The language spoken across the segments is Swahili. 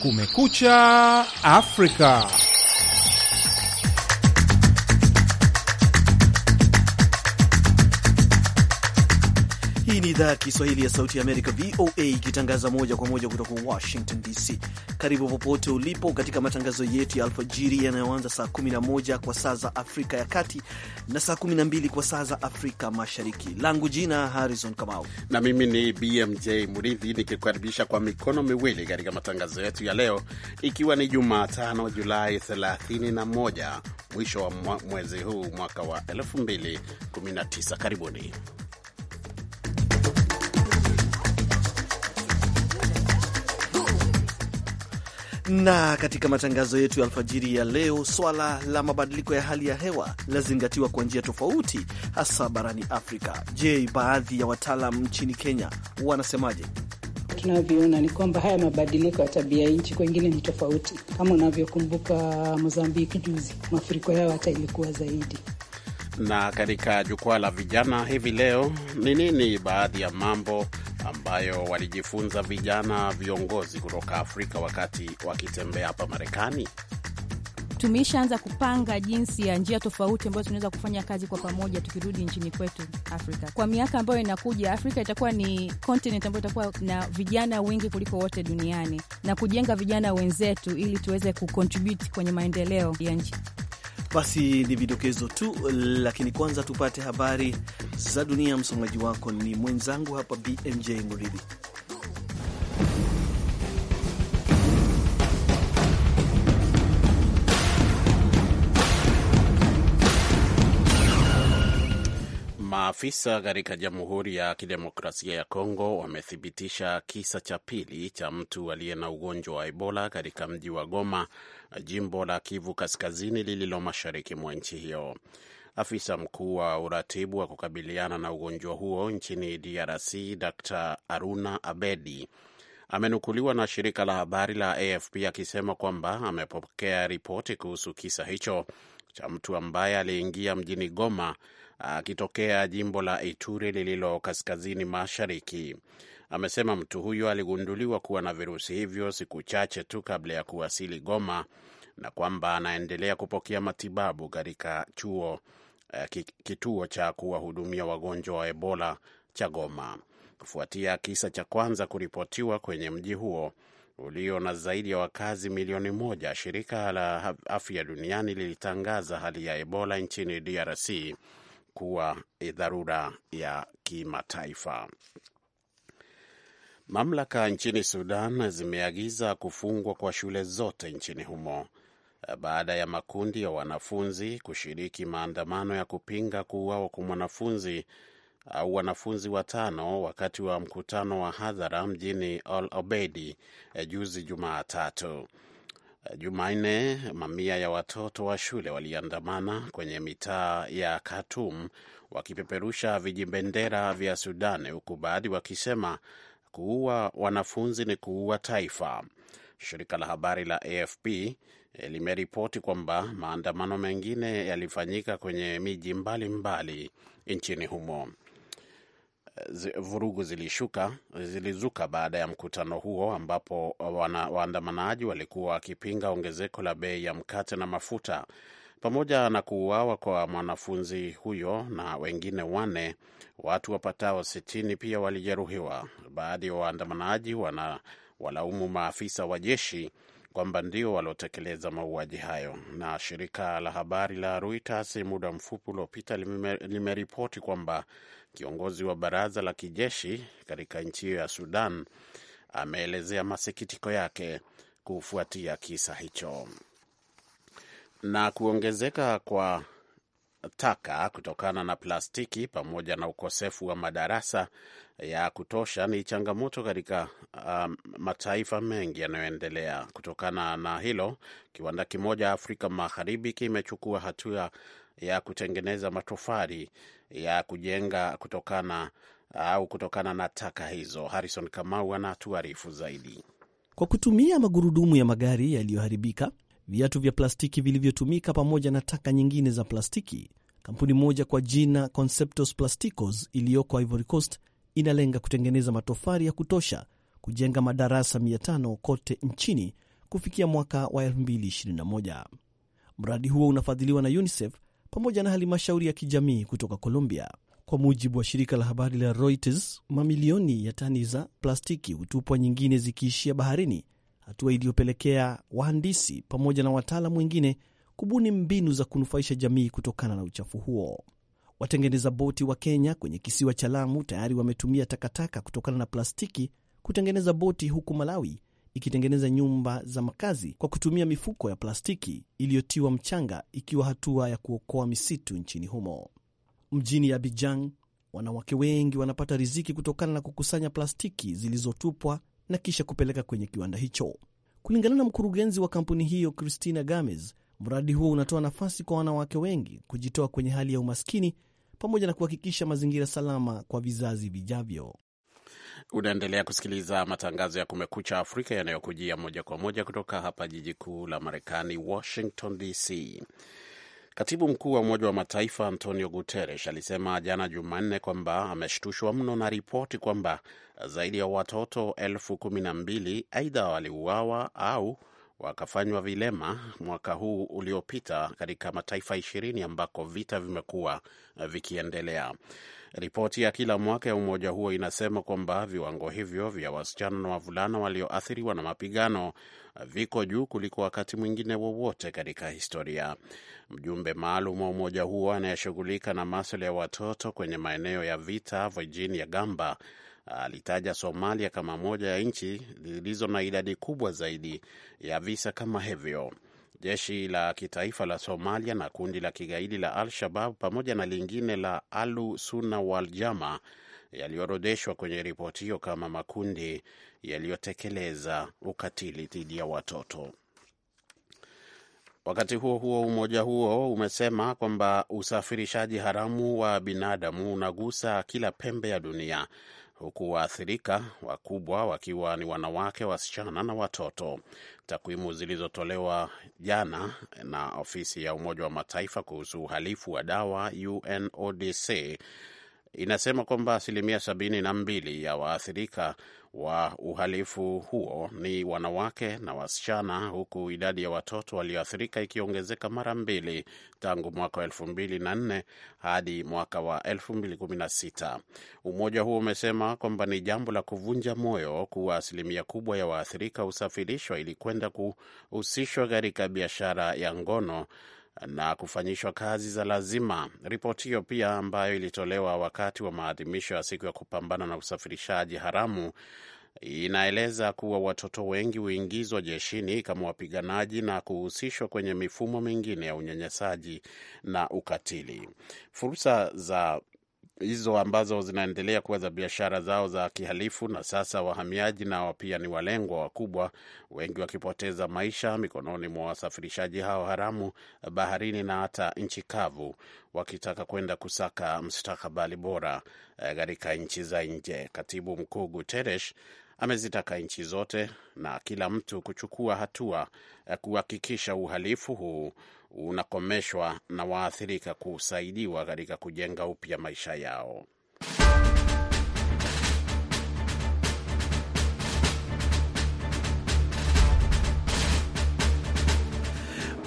Kumekucha Afrika. Hii ni idhaa ya Kiswahili ya Sauti ya Amerika, VOA, ikitangaza moja kwa moja kutoka Washington DC. Karibu popote ulipo katika matangazo yetu ya alfajiri yanayoanza saa 11 kwa saa za Afrika ya Kati na saa 12 kwa saa za Afrika Mashariki. Langu jina Harrison Kamau na mimi ni BMJ Muridhi, nikikukaribisha kwa mikono miwili katika matangazo yetu ya leo, ikiwa ni Jumatano Julai 31, mwisho wa mwezi huu mwaka wa 2019. Karibuni. Na katika matangazo yetu ya alfajiri ya leo, swala la mabadiliko ya hali ya hewa lazingatiwa kwa njia tofauti, hasa barani Afrika. Je, baadhi ya wataalam nchini Kenya wanasemaje? Tunavyoona ni kwamba haya mabadiliko ya tabia nchi kwengine ni tofauti. Kama unavyokumbuka Mozambiki juzi, mafuriko yao hata ilikuwa zaidi. Na katika jukwaa la vijana hivi leo, ni nini baadhi ya mambo ambayo walijifunza vijana viongozi kutoka Afrika wakati wakitembea hapa Marekani? Tumeshaanza kupanga jinsi ya njia tofauti ambazo tunaweza kufanya kazi kwa pamoja tukirudi nchini kwetu Afrika. Kwa miaka ambayo inakuja, Afrika itakuwa ni kontinent ambayo itakuwa na vijana wengi kuliko wote duniani na kujenga vijana wenzetu ili tuweze kucontribute kwenye maendeleo ya nchi. Basi ni vidokezo tu, lakini kwanza tupate habari za dunia. Msomaji wako ni mwenzangu hapa BMJ Muridhi. Maafisa katika Jamhuri ya Kidemokrasia ya Kongo wamethibitisha kisa cha pili cha mtu aliye na ugonjwa wa Ebola katika mji wa Goma, jimbo la Kivu Kaskazini lililo mashariki mwa nchi hiyo. Afisa mkuu wa uratibu wa kukabiliana na ugonjwa huo nchini DRC, Dr Aruna Abedi amenukuliwa na shirika la habari la AFP akisema kwamba amepokea ripoti kuhusu kisa hicho cha mtu ambaye aliingia mjini Goma akitokea jimbo la Ituri lililo kaskazini mashariki. Amesema mtu huyo aligunduliwa kuwa na virusi hivyo siku chache tu kabla ya kuwasili Goma na kwamba anaendelea kupokea matibabu katika chuo eh, kituo cha kuwahudumia wagonjwa wa Ebola cha Goma kufuatia kisa cha kwanza kuripotiwa kwenye mji huo ulio na zaidi ya wakazi milioni moja. Shirika la Afya Duniani lilitangaza hali ya Ebola nchini DRC kuwa e dharura ya kimataifa. Mamlaka nchini Sudan zimeagiza kufungwa kwa shule zote nchini humo eh, baada ya makundi ya wanafunzi kushiriki maandamano ya kupinga kuuawa kwa mwanafunzi au wanafunzi watano wakati wa mkutano wa hadhara mjini Al Obeidi eh, juzi Jumatatu. Jumanne, mamia ya watoto wa shule waliandamana kwenye mitaa ya Khartoum wakipeperusha vijibendera vya Sudani, huku baadhi wakisema kuua wanafunzi ni kuua taifa. Shirika la habari la AFP eh, limeripoti kwamba maandamano mengine yalifanyika kwenye miji mbalimbali mbali nchini humo vurugu zilishuka zilizuka baada ya mkutano huo ambapo waandamanaji walikuwa wakipinga ongezeko la bei ya mkate na mafuta pamoja na kuuawa kwa mwanafunzi huyo na wengine wanne, watu wapatao sitini pia walijeruhiwa. Baadhi ya waandamanaji wana walaumu maafisa wa jeshi kwamba ndio waliotekeleza mauaji hayo. Na shirika la habari la Reuters muda mfupi uliopita limeripoti kwamba Kiongozi wa baraza la kijeshi katika nchi hiyo ya Sudan ameelezea masikitiko yake kufuatia kisa hicho na kuongezeka kwa taka kutokana na plastiki pamoja na ukosefu wa madarasa ya kutosha ni changamoto katika um, mataifa mengi yanayoendelea. Kutokana na hilo, kiwanda kimoja Afrika Magharibi kimechukua hatua ya kutengeneza matofali ya kujenga kutokana au kutokana na taka hizo. Harrison Kamau anatuarifu zaidi. Kwa kutumia magurudumu ya magari yaliyoharibika, viatu vya plastiki vilivyotumika, pamoja na taka nyingine za plastiki, kampuni moja kwa jina Conceptos Plasticos iliyoko Ivory Coast inalenga kutengeneza matofali ya kutosha kujenga madarasa 500 kote nchini kufikia mwaka wa 2021. Mradi huo unafadhiliwa na UNICEF pamoja na halmashauri ya kijamii kutoka Colombia. Kwa mujibu wa shirika la habari la Reuters, mamilioni ya tani za plastiki hutupwa, nyingine zikiishia baharini, hatua iliyopelekea wahandisi pamoja na wataalamu wengine kubuni mbinu za kunufaisha jamii kutokana na uchafu huo. Watengeneza boti wa Kenya kwenye kisiwa cha Lamu tayari wametumia takataka kutokana na plastiki kutengeneza boti, huku Malawi ikitengeneza nyumba za makazi kwa kutumia mifuko ya plastiki iliyotiwa mchanga, ikiwa hatua ya kuokoa misitu nchini humo. Mjini Abidjan, wanawake wengi wanapata riziki kutokana na kukusanya plastiki zilizotupwa na kisha kupeleka kwenye kiwanda hicho. Kulingana na mkurugenzi wa kampuni hiyo Christina Games, mradi huo unatoa nafasi kwa wanawake wengi kujitoa kwenye hali ya umaskini pamoja na kuhakikisha mazingira salama kwa vizazi vijavyo. Unaendelea kusikiliza matangazo ya Kumekucha Afrika yanayokujia moja kwa moja kutoka hapa jiji kuu la Marekani, Washington DC. Katibu mkuu wa Umoja wa Mataifa Antonio Guterres alisema jana Jumanne kwamba ameshtushwa mno na ripoti kwamba zaidi ya watoto elfu kumi na mbili aidha waliuawa au wakafanywa vilema mwaka huu uliopita katika mataifa ishirini ambako vita vimekuwa vikiendelea. Ripoti ya kila mwaka ya umoja huo inasema kwamba viwango hivyo vya wasichana na wavulana walioathiriwa na mapigano viko juu kuliko wakati mwingine wowote katika historia. Mjumbe maalum wa umoja huo anayeshughulika na maswala ya watoto kwenye maeneo ya vita, Virginia Gamba, alitaja Somalia kama moja ya nchi zilizo na idadi kubwa zaidi ya visa kama hivyo. Jeshi la kitaifa la Somalia na kundi la kigaidi la Al-Shabab pamoja na lingine la Alu Suna Waljama Jama yaliyoorodheshwa kwenye ripoti hiyo kama makundi yaliyotekeleza ukatili dhidi ya watoto. Wakati huo huo, umoja huo umesema kwamba usafirishaji haramu wa binadamu unagusa kila pembe ya dunia huku waathirika wakubwa wakiwa ni wanawake, wasichana na watoto. Takwimu zilizotolewa jana na ofisi ya Umoja wa Mataifa kuhusu uhalifu wa dawa UNODC inasema kwamba asilimia sabini na mbili ya waathirika wa uhalifu huo ni wanawake na wasichana, huku idadi ya watoto walioathirika ikiongezeka mara mbili tangu mwaka wa elfu mbili na nne hadi mwaka wa elfu mbili kumi na sita. Umoja huo umesema kwamba ni jambo la kuvunja moyo kuwa asilimia kubwa ya waathirika husafirishwa ili kwenda kuhusishwa katika biashara ya ngono na kufanyishwa kazi za lazima. Ripoti hiyo pia ambayo ilitolewa wakati wa maadhimisho ya siku ya kupambana na usafirishaji haramu inaeleza kuwa watoto wengi huingizwa jeshini kama wapiganaji na kuhusishwa kwenye mifumo mingine ya unyanyasaji na ukatili. Fursa za hizo ambazo zinaendelea kuwa za biashara zao za kihalifu, na sasa wahamiaji nao pia ni walengwa wakubwa, wengi wakipoteza maisha mikononi mwa wasafirishaji hao haramu baharini na hata nchi kavu, wakitaka kwenda kusaka mstakabali bora eh, katika nchi za nje. Katibu Mkuu Guterres amezitaka nchi zote na kila mtu kuchukua hatua ya eh, kuhakikisha uhalifu huu unakomeshwa na waathirika kusaidiwa katika kujenga upya maisha yao.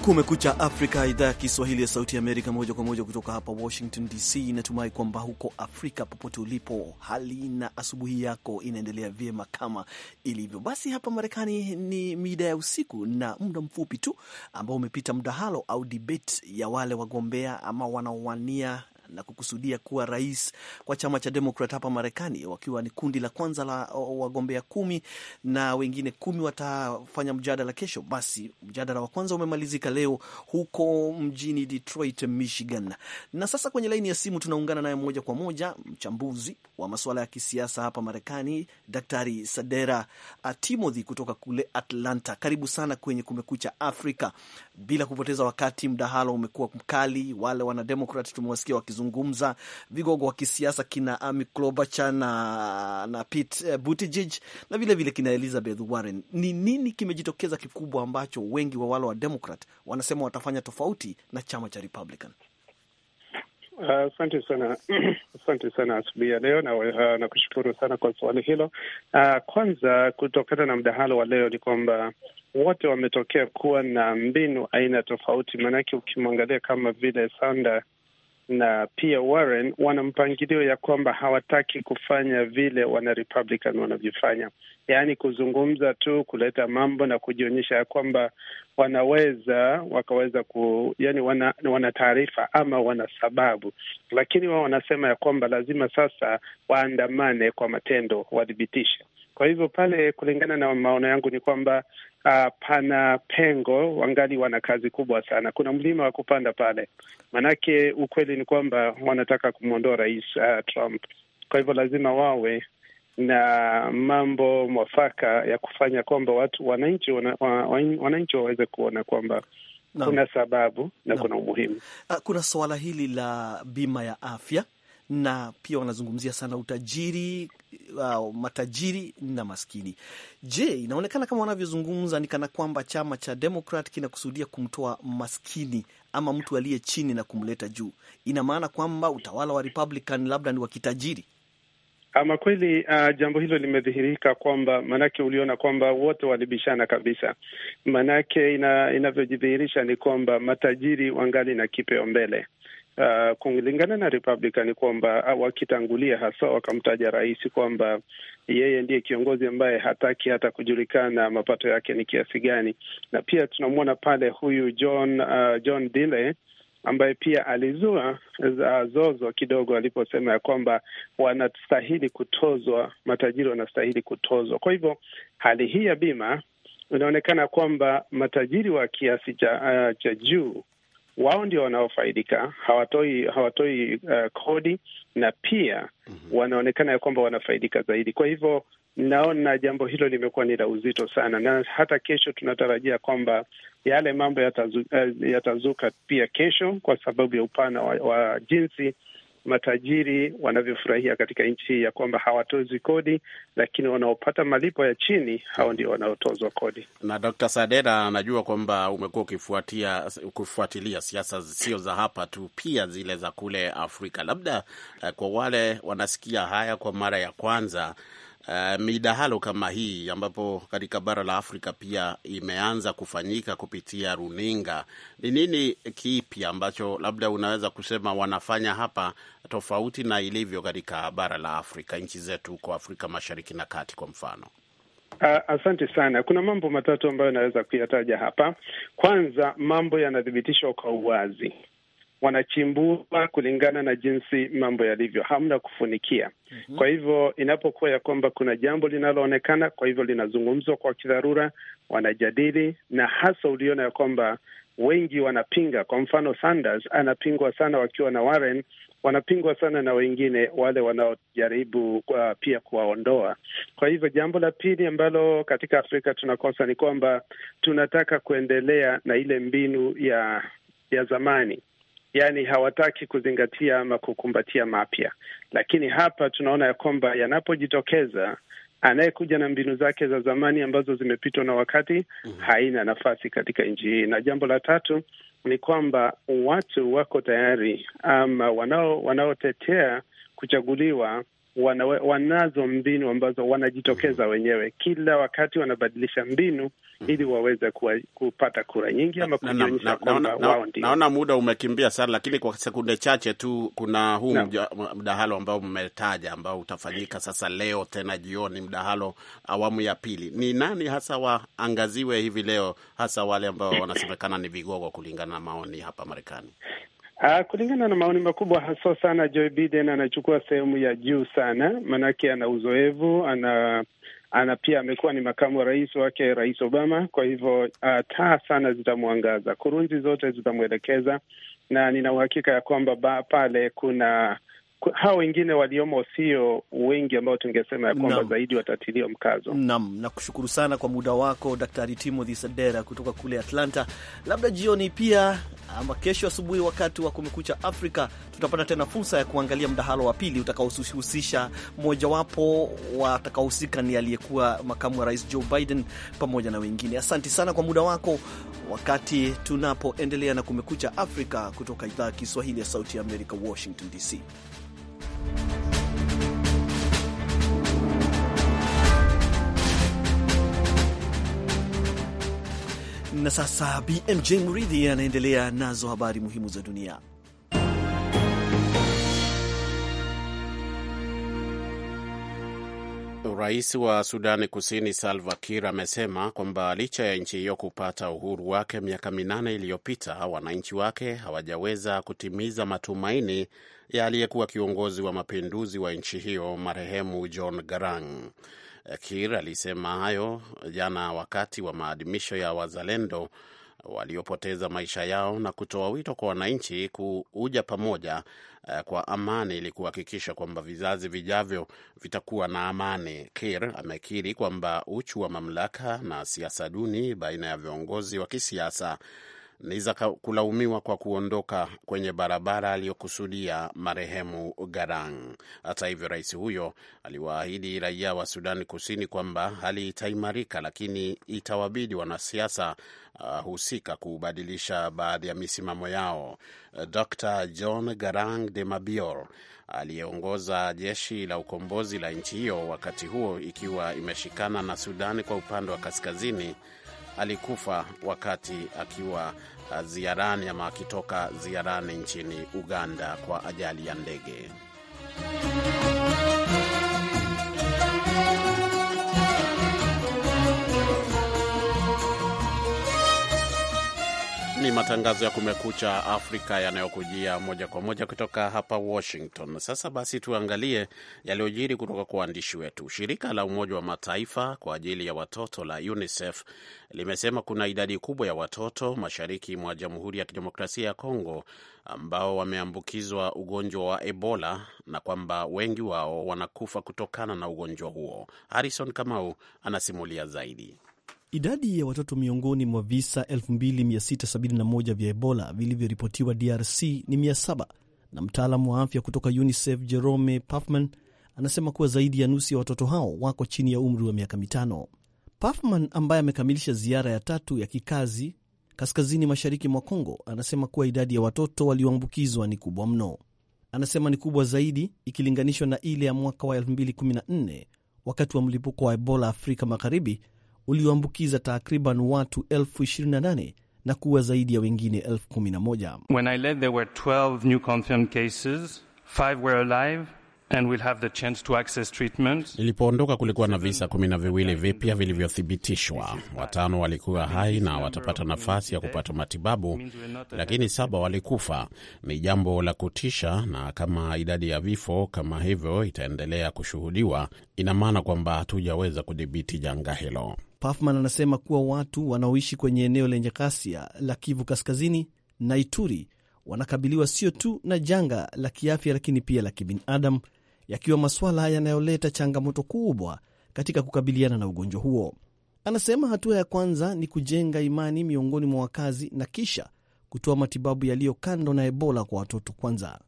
Kumekucha Afrika, idhaa ya Kiswahili ya Sauti ya Amerika, moja kwa moja kutoka hapa Washington DC. Natumai kwamba huko Afrika popote ulipo, hali na asubuhi yako inaendelea vyema kama ilivyo. Basi hapa Marekani ni mida ya usiku na muda mfupi tu ambao umepita mdahalo au debate ya wale wagombea ama wanaowania na kukusudia kuwa rais kwa chama cha Demokrat hapa Marekani, wakiwa ni kundi la kwanza la wagombea kumi na wengine kumi watafanya mjadala kesho. Basi mjadala wa kwanza umemalizika leo huko mjini Detroit, Michigan, na sasa kwenye laini ya simu tunaungana naye moja kwa moja mchambuzi wa masuala ya kisiasa hapa Marekani, Daktari Sadera Timothy kutoka kule Atlanta. Karibu sana kwenye Kumekucha Afrika. Bila kupoteza wakati, mdahalo umekuwa mkali, wale wanademokrat tumewasikia wakizungumza wanazungumza vigogo wa kisiasa kina Amy Klobuchar na, na Pete eh, Buttigieg na vilevile kina Elizabeth Warren. Ni nini kimejitokeza kikubwa ambacho wengi wa wale wa Democrat wanasema watafanya tofauti na chama cha Republican? Asante uh, sana asante sana asubuhi ya leo na, uh, na kushukuru sana kwa swali hilo. Uh, kwanza kutokana na mdahalo wa leo ni kwamba wote wametokea kuwa na mbinu aina tofauti, maanake ukimwangalia kama vile Sanda na pia Warren wana mpangilio ya kwamba hawataki kufanya vile wana Republican wanavyofanya, yaani kuzungumza tu, kuleta mambo na kujionyesha ya kwamba wanaweza wakaweza ku, yani wana, wana taarifa ama wana sababu, lakini wao wanasema ya kwamba lazima sasa waandamane kwa matendo, wathibitishe. Kwa hivyo pale, kulingana na maono yangu ni kwamba uh, pana pengo, wangali wana kazi kubwa sana. Kuna mlima wa kupanda pale, manake ukweli ni kwamba wanataka kumwondoa rais uh, Trump. Kwa hivyo lazima wawe na mambo mwafaka ya kufanya kwamba watu wananchi wananchi waweze kuona kwamba na kuna sababu na, na kuna umuhimu. Ah, kuna suala hili la bima ya afya na pia wanazungumzia sana utajiri uh, matajiri na maskini. Je, inaonekana kama wanavyozungumza ni kana kwamba chama cha Demokrat kinakusudia kumtoa maskini ama mtu aliye chini na kumleta juu. Ina maana kwamba utawala wa Republican labda ni wa kitajiri ama kweli. Uh, jambo hilo limedhihirika kwamba maanake uliona kwamba wote walibishana kabisa, maanake inavyojidhihirisha ina ni kwamba matajiri wangali na kipeo mbele uh, kulingana na Republican ni kwamba uh, wakitangulia hasa wakamtaja rais kwamba yeye ndiye kiongozi ambaye hataki hata kujulikana mapato yake ni kiasi gani, na pia tunamwona pale huyu John uh, John Dile ambaye pia alizua uh, zozo kidogo aliposema ya kwamba wanastahili kutozwa, matajiri wanastahili kutozwa. Kwa hivyo hali hii ya bima inaonekana kwamba matajiri wa kiasi cha, uh, cha juu wao ndio wanaofaidika, hawatoi hawatoi uh, kodi na pia mm -hmm. wanaonekana ya kwamba wanafaidika zaidi. Kwa hivyo naona jambo hilo limekuwa ni la uzito sana, na hata kesho tunatarajia kwamba yale mambo yatazu, uh, yatazuka pia kesho kwa sababu ya upana wa, wa jinsi matajiri wanavyofurahia katika nchi ya kwamba hawatozwi kodi, lakini wanaopata malipo ya chini hao ndio wanaotozwa kodi. Na Dr. Sadera, anajua kwamba umekuwa ukifuatia kufuatilia siasa zisio za hapa tu, pia zile za kule Afrika. Labda eh, kwa wale wanasikia haya kwa mara ya kwanza uh, midahalo kama hii ambapo katika bara la Afrika pia imeanza kufanyika kupitia runinga, ni nini kipi ambacho labda unaweza kusema wanafanya hapa tofauti na ilivyo katika bara la Afrika, nchi zetu huko Afrika Mashariki na Kati kwa mfano? Asante sana. Kuna mambo matatu ambayo naweza kuyataja hapa. Kwanza, mambo yanathibitishwa kwa uwazi wanachimbua kulingana na jinsi mambo yalivyo, hamna kufunikia. mm -hmm. Kwa hivyo inapokuwa ya kwamba kuna jambo linaloonekana, kwa hivyo linazungumzwa kwa kidharura, wanajadili na hasa uliona ya kwamba wengi wanapinga. Kwa mfano, Sanders anapingwa sana wakiwa na Warren, wanapingwa sana na wengine wale wanaojaribu uh, pia kuwaondoa. Kwa hivyo jambo la pili ambalo katika Afrika tunakosa ni kwamba tunataka kuendelea na ile mbinu ya ya zamani yani hawataki kuzingatia ama kukumbatia mapya. Lakini hapa tunaona ya kwamba yanapojitokeza anayekuja na mbinu zake za zamani ambazo zimepitwa na wakati mm -hmm. haina nafasi katika nchi hii. Na jambo la tatu ni kwamba watu wako tayari ama wanao wanaotetea kuchaguliwa wanazo mbinu ambazo wanajitokeza wenyewe kila wakati, wanabadilisha mbinu hmm. ili waweze kuwa, kupata kura nyingi ama kujionyesha kwamba wao ndio. Naona muda umekimbia sana, lakini kwa sekunde chache tu, kuna huu mdahalo ambao mmetaja ambao utafanyika sasa leo tena jioni, mdahalo awamu ya pili. Ni nani hasa waangaziwe hivi leo, hasa wale ambao wanasemekana ni vigogo kulingana na maoni hapa Marekani? Uh, kulingana na maoni makubwa haswa sana, Joe Biden anachukua sehemu ya juu sana, maanake ana uzoevu, ana ana pia amekuwa ni makamu wa rais wake Rais Obama. Kwa hivyo uh, taa sana zitamwangaza, kurunzi zote zitamwelekeza, na nina uhakika ya kwamba pale kuna hao wengine waliomo sio wengi ambao tungesema ya kwamba zaidi watatiliwa mkazo. Naam, nakushukuru sana kwa muda wako Daktari Timothy Sadera kutoka kule Atlanta. Labda jioni pia ama kesho asubuhi, wakati wa Kumekucha Afrika, tutapata tena fursa ya kuangalia mdahalo wa pili utakaohusisha mmojawapo watakaohusika ni aliyekuwa makamu wa rais Joe Biden pamoja na wengine. Asanti sana kwa muda wako, wakati tunapoendelea na Kumekucha Afrika kutoka idhaa ya Kiswahili ya Sauti ya Amerika, Washington DC. Na sasa BMJ Muridhi anaendelea nazo habari muhimu za dunia. Rais wa Sudani Kusini Salva Kiir amesema kwamba licha ya nchi hiyo kupata uhuru wake miaka minane iliyopita, wananchi wake hawajaweza kutimiza matumaini ya aliyekuwa kiongozi wa mapinduzi wa nchi hiyo marehemu John Garang. Kiir alisema hayo jana wakati wa maadhimisho ya wazalendo waliopoteza maisha yao na kutoa wito kwa wananchi kuuja pamoja eh, kwa amani ili kuhakikisha kwamba vizazi vijavyo vitakuwa na amani. Kir amekiri kwamba uchu wa mamlaka na siasa duni baina ya viongozi wa kisiasa ni za kulaumiwa kwa kuondoka kwenye barabara aliyokusudia marehemu Garang. Hata hivyo, rais huyo aliwaahidi raia wa Sudani Kusini kwamba hali itaimarika, lakini itawabidi wanasiasa uh, husika kubadilisha baadhi ya misimamo yao. Uh, Dr John Garang de Mabior aliyeongoza jeshi la ukombozi la nchi hiyo wakati huo ikiwa imeshikana na Sudani kwa upande wa kaskazini alikufa wakati akiwa uh, ziarani ama akitoka ziarani nchini Uganda kwa ajali ya ndege. ni matangazo ya Kumekucha Afrika yanayokujia moja kwa moja kutoka hapa Washington. Sasa basi, tuangalie yaliyojiri kutoka kwa waandishi wetu. Shirika la Umoja wa Mataifa kwa ajili ya watoto la UNICEF limesema kuna idadi kubwa ya watoto mashariki mwa Jamhuri ya Kidemokrasia ya Kongo ambao wameambukizwa ugonjwa wa Ebola na kwamba wengi wao wanakufa kutokana na ugonjwa huo. Harrison Kamau anasimulia zaidi. Idadi ya watoto miongoni mwa visa 2671 vya Ebola vilivyoripotiwa DRC ni 700 na mtaalamu wa afya kutoka UNICEF Jerome Pafman anasema kuwa zaidi ya nusu ya watoto hao wako chini ya umri wa miaka mitano. Pafman ambaye amekamilisha ziara ya tatu ya kikazi kaskazini mashariki mwa congo anasema kuwa idadi ya watoto walioambukizwa ni kubwa mno. Anasema ni kubwa zaidi ikilinganishwa na ile ya mwaka wa 2014 wakati wa mlipuko wa Ebola Afrika Magharibi, ulioambukiza takriban watu elfu 28 na kuwa zaidi ya wengine elfu 11. When I led there were 12 new confirmed cases, 5 were alive. Nilipoondoka kulikuwa na visa kumi na viwili vipya vilivyothibitishwa. Watano walikuwa hai na watapata nafasi ya kupata matibabu, lakini saba walikufa. Ni jambo la kutisha, na kama idadi ya vifo kama hivyo itaendelea kushuhudiwa, ina maana kwamba hatujaweza kudhibiti janga hilo. Pafman anasema kuwa watu wanaoishi kwenye eneo lenye ghasia la Kivu Kaskazini na Ituri wanakabiliwa sio tu na janga la kiafya, lakini pia la kibinadamu, yakiwa masuala yanayoleta changamoto kubwa katika kukabiliana na ugonjwa huo. Anasema hatua ya kwanza ni kujenga imani miongoni mwa wakazi na kisha kutoa matibabu yaliyo kando na Ebola kwa watoto kwanza.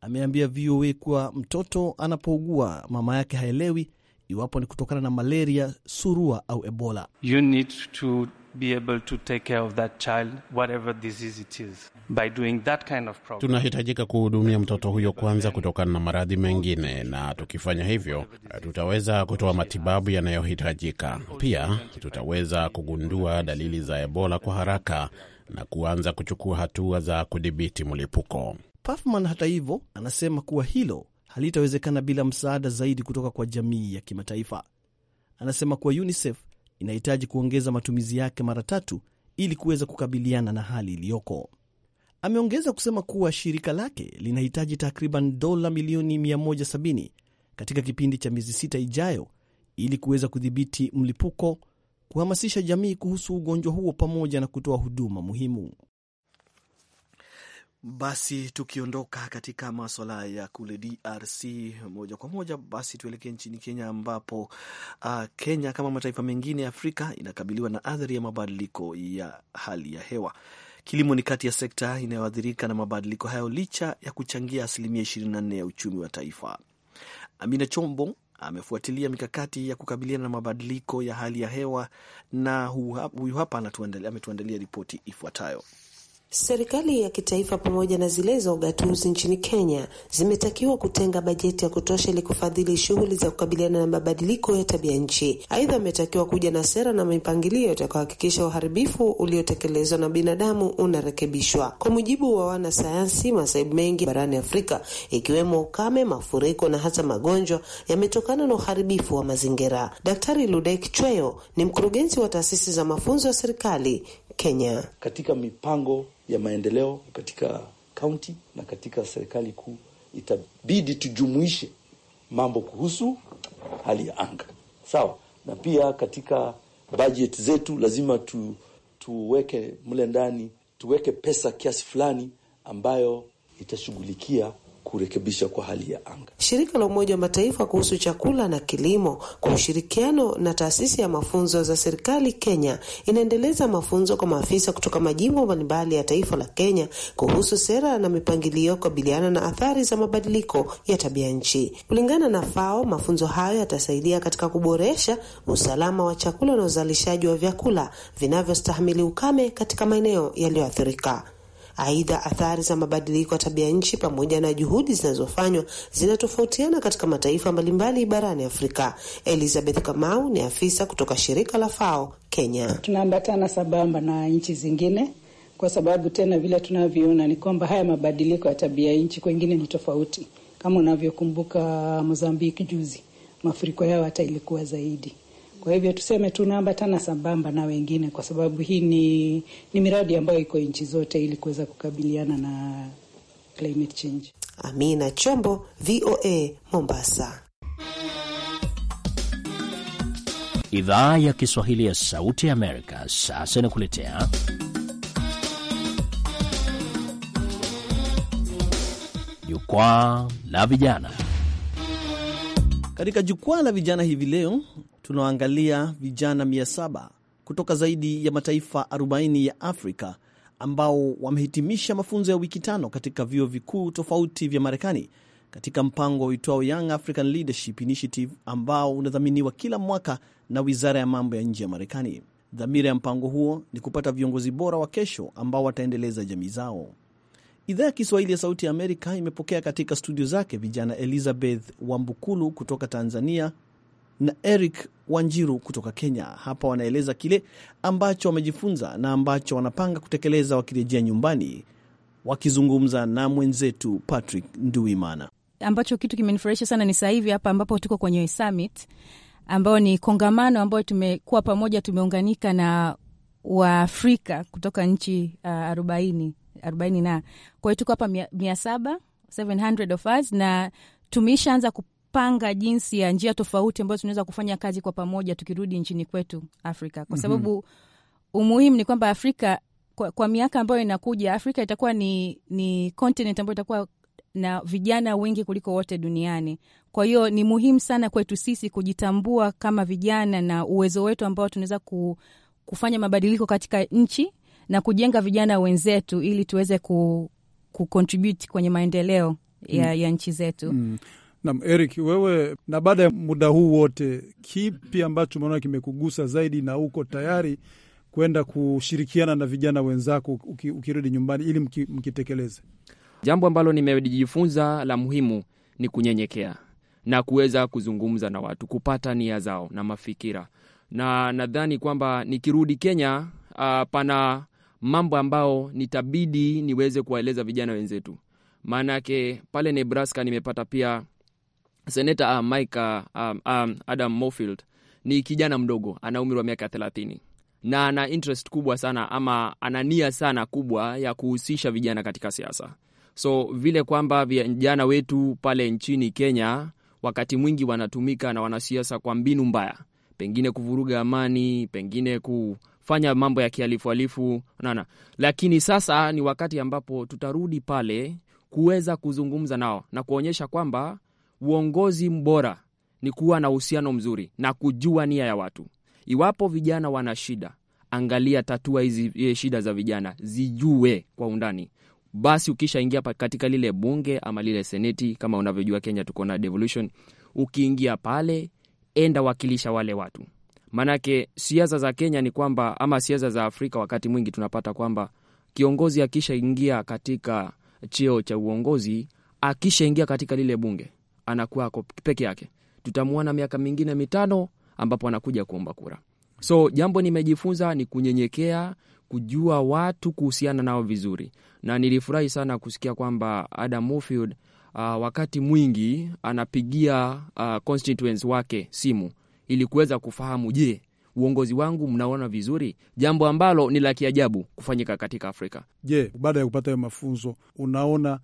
Ameambia VOA kuwa mtoto anapougua mama yake haelewi iwapo ni kutokana na malaria, surua au Ebola. You need to be able to take care of that child whatever disease it is by doing that kind of Tunahitajika kuhudumia mtoto huyo kwanza kutokana na maradhi mengine, na tukifanya hivyo tutaweza kutoa matibabu yanayohitajika. Pia tutaweza kugundua dalili za Ebola kwa haraka na kuanza kuchukua hatua za kudhibiti mlipuko. Pafman hata hivyo anasema kuwa hilo halitawezekana bila msaada zaidi kutoka kwa jamii ya kimataifa. Anasema kuwa UNICEF inahitaji kuongeza matumizi yake mara tatu ili kuweza kukabiliana na hali iliyoko. Ameongeza kusema kuwa shirika lake linahitaji takriban dola milioni 170 katika kipindi cha miezi sita ijayo ili kuweza kudhibiti mlipuko, kuhamasisha jamii kuhusu ugonjwa huo pamoja na kutoa huduma muhimu. Basi tukiondoka katika maswala ya kule DRC moja kwa moja, basi tuelekee nchini Kenya ambapo uh, Kenya kama mataifa mengine ya Afrika inakabiliwa na athari ya mabadiliko ya hali ya hewa. Kilimo ni kati ya sekta inayoathirika na mabadiliko hayo licha ya kuchangia asilimia 24 ya uchumi wa taifa. Amina Chombo amefuatilia mikakati ya kukabiliana na mabadiliko ya hali ya hewa na huyu hapa ametuandalia ripoti ifuatayo. Serikali ya kitaifa pamoja na zile za ugatuzi nchini Kenya zimetakiwa kutenga bajeti ya kutosha ili kufadhili shughuli za kukabiliana na mabadiliko ya tabia nchi. Aidha, ametakiwa kuja na sera na mipangilio itakayohakikisha uharibifu uliotekelezwa na binadamu unarekebishwa. Kwa mujibu wa wanasayansi, masaibu mengi barani Afrika ikiwemo ukame, mafuriko na hata magonjwa yametokana na uharibifu wa mazingira. Daktari Ludek Chweyo ni mkurugenzi wa taasisi za mafunzo ya serikali Kenya. Katika mipango ya maendeleo katika kaunti na katika serikali kuu, itabidi tujumuishe mambo kuhusu hali ya anga, sawa. Na pia katika budget zetu lazima tu, tuweke mle ndani, tuweke pesa kiasi fulani ambayo itashughulikia kurekebisha kwa hali ya anga. Shirika la Umoja wa Mataifa kuhusu chakula na kilimo kwa ushirikiano na taasisi ya mafunzo za serikali Kenya inaendeleza mafunzo kwa maafisa kutoka majimbo mbalimbali ya taifa la Kenya kuhusu sera na mipangilio kukabiliana na athari za mabadiliko ya tabia nchi. Kulingana na FAO, mafunzo hayo yatasaidia katika kuboresha usalama wa chakula na uzalishaji wa vyakula vinavyostahimili ukame katika maeneo yaliyoathirika. Aidha, athari za mabadiliko ya tabia nchi pamoja na juhudi zinazofanywa zinatofautiana katika mataifa mbalimbali barani Afrika. Elizabeth Kamau ni afisa kutoka shirika la FAO Kenya. Tunaambatana sambamba na nchi zingine kwa sababu tena vile tunavyoona ni kwamba haya mabadiliko ya tabia nchi kwengine ni tofauti. Kama unavyokumbuka Mozambiki juzi, mafuriko yao hata ilikuwa zaidi. Kwa hivyo tuseme tunaambatana sambamba na wengine, kwa sababu hii ni, ni miradi ambayo iko nchi zote ili kuweza kukabiliana na climate change. Amina Chombo, VOA Mombasa. Idhaa ya Kiswahili ya Sauti ya Amerika sasa inakuletea Jukwaa la Vijana. Katika Jukwaa la Vijana hivi leo tunaangalia vijana 700 kutoka zaidi ya mataifa 40 ya Afrika ambao wamehitimisha mafunzo ya wiki tano katika vyuo vikuu tofauti vya Marekani katika mpango uitwao Young African Leadership Initiative ambao unadhaminiwa kila mwaka na Wizara ya Mambo ya Nje ya Marekani. Dhamira ya mpango huo ni kupata viongozi bora wa kesho ambao wataendeleza jamii zao. Idhaa ya Kiswahili ya Sauti ya Amerika imepokea katika studio zake vijana Elizabeth Wambukulu kutoka Tanzania, na Eric Wanjiru kutoka Kenya. Hapa wanaeleza kile ambacho wamejifunza na ambacho wanapanga kutekeleza wakirejea nyumbani, wakizungumza na mwenzetu Patrick Nduimana. Ambacho kitu kimenifurahisha sana ni sasa hivi hapa ambapo tuko kwenye summit ambayo ni kongamano ambayo tumekuwa pamoja, tumeunganika na Waafrika kutoka nchi uh, arobaini arobaini na kwa hiyo tuko hapa mia saba 700 of us na tumeishaanza kupanga jinsi ya njia tofauti ambazo tunaweza kufanya kazi kwa pamoja tukirudi nchini kwetu Afrika, kwa mhm. sababu umuhimu ni kwamba Afrika kwa, kwa miaka ambayo inakuja Afrika itakuwa ni, ni continent ambayo itakuwa na vijana wengi kuliko wote duniani. Kwa hiyo ni muhimu sana kwetu sisi kujitambua kama vijana na uwezo wetu ambao tunaweza ku, kufanya mabadiliko katika nchi na kujenga vijana wenzetu ili tuweze ku, kucontribute kwenye maendeleo ya, mm. ya nchi zetu mm. Nam Eric, wewe na baada ya muda huu wote, kipi ambacho umeona kimekugusa zaidi na uko tayari kwenda kushirikiana na vijana wenzako uki, ukirudi nyumbani ili mki, mkitekeleze? Jambo ambalo nimejifunza la muhimu ni kunyenyekea na kuweza kuzungumza na watu, kupata nia zao na mafikira, na nadhani kwamba nikirudi Kenya, uh, pana mambo ambayo nitabidi niweze kuwaeleza vijana wenzetu, maanake pale Nebraska nimepata pia Seneta uh, Mike uh, um, um, Adam Mofield ni kijana mdogo, ana umri wa miaka thelathini na ana interest kubwa sana ama ana nia sana kubwa ya kuhusisha vijana katika siasa. So vile kwamba vijana wetu pale nchini Kenya wakati mwingi wanatumika na wanasiasa kwa mbinu mbaya, pengine kuvuruga amani, pengine kufanya mambo ya kihalifuhalifu nana. Lakini sasa ni wakati ambapo tutarudi pale kuweza kuzungumza nao na kuonyesha kwamba uongozi mbora ni kuwa na uhusiano mzuri na kujua nia ya watu. Iwapo vijana wana shida, angalia, tatua hizi eh, shida za vijana, zijue kwa undani. Basi ukishaingia katika lile bunge ama lile seneti, kama unavyojua Kenya tuko na devolution, ukiingia pale, enda wakilisha wale watu, maanake siasa za Kenya ni kwamba, ama siasa za Afrika wakati mwingi tunapata kwamba kiongozi akishaingia katika cheo cha uongozi, akishaingia katika lile bunge anakuwa ako peke yake. Tutamwona miaka mingine mitano ambapo anakuja kuomba kura. So jambo nimejifunza ni kunyenyekea, kujua watu, kuhusiana nao vizuri, na nilifurahi sana kusikia kwamba Adam Mofield uh, wakati mwingi anapigia uh, constituents wake simu ili kuweza kufahamu, je, uongozi wangu mnaona vizuri? Jambo ambalo ni la kiajabu kufanyika katika Afrika. Je, baada ya kupata hayo mafunzo, unaona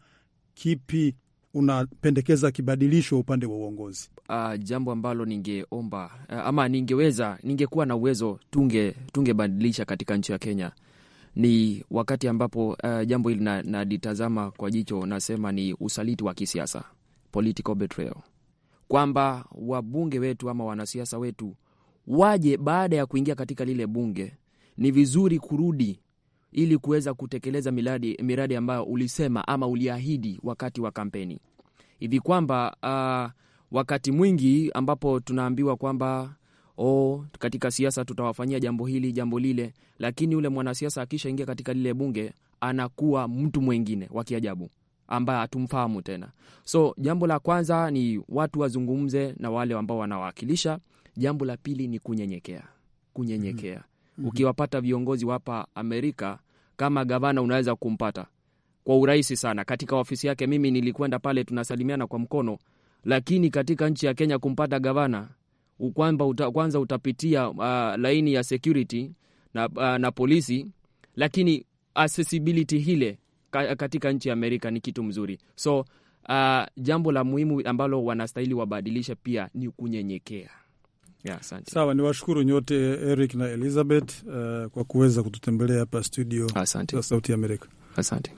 kipi unapendekeza kibadilisho upande wa uongozi? Uh, jambo ambalo ningeomba uh, ama ningeweza ningekuwa na uwezo tunge tungebadilisha katika nchi ya Kenya ni wakati ambapo uh, jambo hili nalitazama na kwa jicho nasema ni usaliti wa kisiasa, political betrayal, kwamba wabunge wetu ama wanasiasa wetu waje baada ya kuingia katika lile bunge, ni vizuri kurudi ili kuweza kutekeleza miradi, miradi ambayo ulisema ama uliahidi wakati wa kampeni, hivi kwamba uh, wakati mwingi ambapo tunaambiwa kwamba o oh, katika siasa tutawafanyia jambo hili jambo lile, lakini yule mwanasiasa akishaingia katika lile bunge anakuwa mtu mwengine wa kiajabu ambaye hatumfahamu tena. So jambo la kwanza ni watu wazungumze na wale ambao wanawakilisha. Jambo la pili ni kunyenyekea, kunyenyekea mm -hmm mm -hmm. Ukiwapata viongozi hapa Amerika kama gavana unaweza kumpata kwa urahisi sana katika ofisi yake. Mimi nilikwenda pale, tunasalimiana kwa mkono, lakini katika nchi ya Kenya kumpata gavana kwamba uta, kwanza utapitia uh, laini ya security na, uh, na polisi, lakini accessibility hile katika nchi ya Amerika ni kitu mzuri. So uh, jambo la muhimu ambalo wanastahili wabadilisha pia ni kunyenyekea sawa, ni washukuru nyote Eric na Elizabeth uh, kwa kuweza kututembelea hapa studio za Sauti ya Amerika. Asante.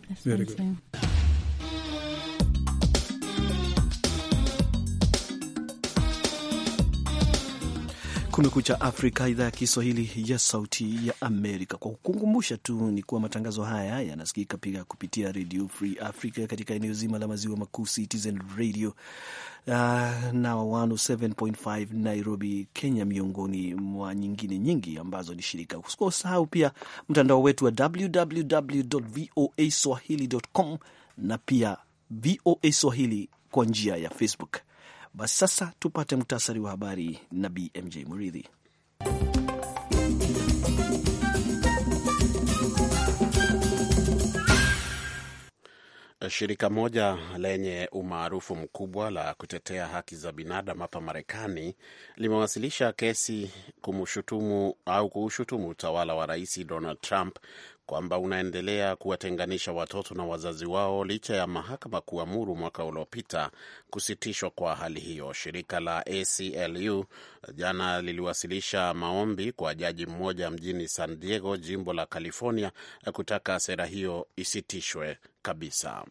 Kumekucha Afrika, idhaa ya Kiswahili ya Sauti ya Amerika. Kwa kukumbusha tu ni kuwa matangazo haya yanasikika pia kupitia Radio Free Africa katika eneo zima la maziwa makuu, Citizen Radio uh, na 107.5 Nairobi, Kenya, miongoni mwa nyingine nyingi ambazo ni shirika. Usisahau pia mtandao wetu wa www voa swahili.com na pia VOA Swahili kwa njia ya Facebook. Basi sasa tupate muktasari wa habari na BMJ Muridhi. Shirika moja lenye umaarufu mkubwa la kutetea haki za binadamu hapa Marekani limewasilisha kesi kumshutumu au kuushutumu utawala wa Rais Donald Trump kwamba unaendelea kuwatenganisha watoto na wazazi wao licha ya mahakama kuamuru mwaka uliopita kusitishwa kwa hali hiyo. Shirika la ACLU jana liliwasilisha maombi kwa jaji mmoja mjini San Diego, jimbo la California, kutaka sera hiyo isitishwe kabisa.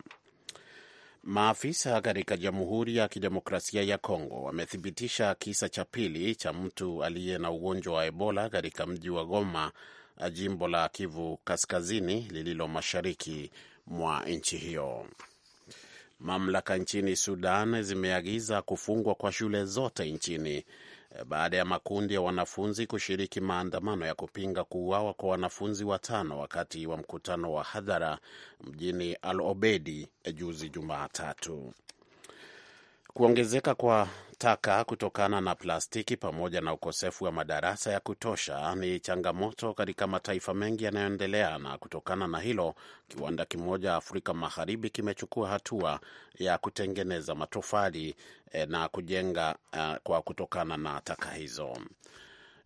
Maafisa katika Jamhuri ya Kidemokrasia ya Kongo wamethibitisha kisa cha pili cha mtu aliye na ugonjwa wa Ebola katika mji wa Goma jimbo la Kivu Kaskazini lililo mashariki mwa nchi hiyo. Mamlaka nchini Sudan zimeagiza kufungwa kwa shule zote nchini eh, baada ya makundi ya wanafunzi kushiriki maandamano ya kupinga kuuawa kwa wanafunzi watano wakati wa mkutano wa hadhara mjini Al Obedi eh, juzi Jumatatu. Kuongezeka kwa taka kutokana na plastiki pamoja na ukosefu wa madarasa ya kutosha ni changamoto katika mataifa mengi yanayoendelea, na kutokana na hilo kiwanda kimoja Afrika Magharibi kimechukua hatua ya kutengeneza matofali eh, na kujenga eh, kwa kutokana na taka hizo.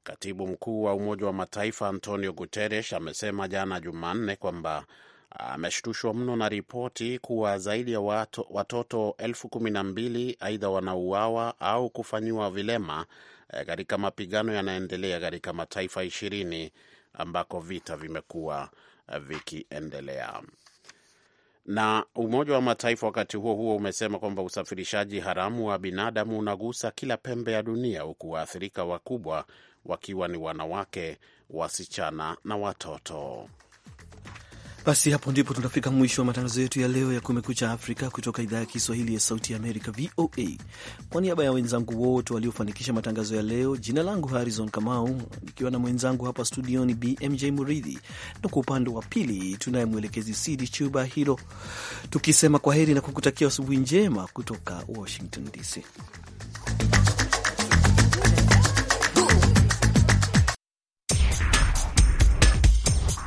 Katibu mkuu wa Umoja wa Mataifa Antonio Guterres amesema jana Jumanne kwamba ameshtushwa mno na ripoti kuwa zaidi ya watu, watoto elfu kumi na mbili aidha wanauawa au kufanyiwa vilema eh, katika mapigano yanaendelea katika mataifa ishirini ambako vita vimekuwa eh, vikiendelea. Na Umoja wa Mataifa wakati huo huo umesema kwamba usafirishaji haramu wa binadamu unagusa kila pembe ya dunia, huku waathirika wakubwa wakiwa ni wanawake, wasichana na watoto. Basi hapo ndipo tunafika mwisho wa matangazo yetu ya leo ya Kumekucha Afrika kutoka idhaa ya Kiswahili ya Sauti ya Amerika, VOA. Kwa niaba ya wenzangu wote waliofanikisha matangazo ya leo, jina langu Harrison Kamau, nikiwa na mwenzangu hapa studioni BMJ Muridhi, na kwa upande wa pili tunaye mwelekezi cd Chuba hilo tukisema kwa heri na kukutakia asubuhi njema kutoka Washington DC.